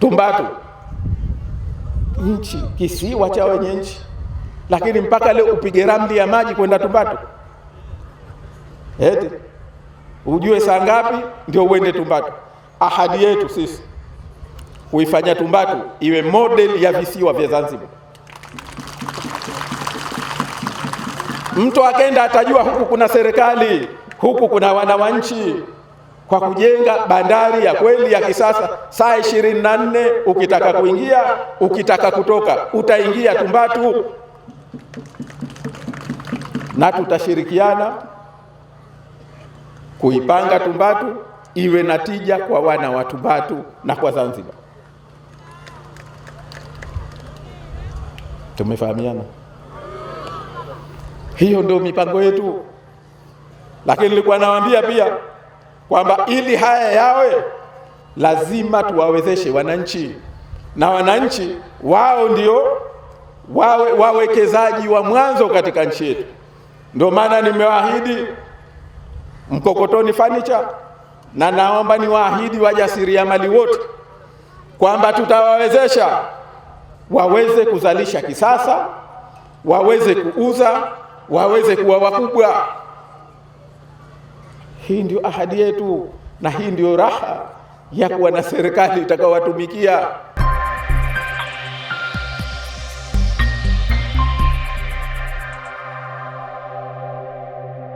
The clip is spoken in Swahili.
Tumbatu, nchi kisiwa cha wenye nchi, lakini mpaka leo upige ramli ya maji kwenda Tumbatu eti ujue saa ngapi ndio uende Tumbatu. Ahadi yetu sisi kuifanya Tumbatu iwe model ya visiwa vya Zanzibar. Mtu akenda atajua huku kuna serikali, huku kuna wananchi kwa kujenga bandari ya kweli ya kisasa, saa ishirini na nne. Ukitaka kuingia, ukitaka kutoka, utaingia Tumbatu na tutashirikiana kuipanga Tumbatu iwe na tija kwa wana wa Tumbatu na kwa Zanzibar. Tumefahamiana, hiyo ndio mipango yetu, lakini nilikuwa nawaambia pia kwamba ili haya yawe lazima tuwawezeshe wananchi na wananchi wao ndio wawe wawekezaji wa mwanzo katika nchi yetu. Ndio maana nimewaahidi Mkokotoni Furniture na naomba niwaahidi wajasiriamali wote kwamba tutawawezesha waweze kuzalisha kisasa, waweze kuuza, waweze kuwa wakubwa. Hii ndio ahadi yetu na hii ndio raha ya kuwa na serikali itakayowatumikia.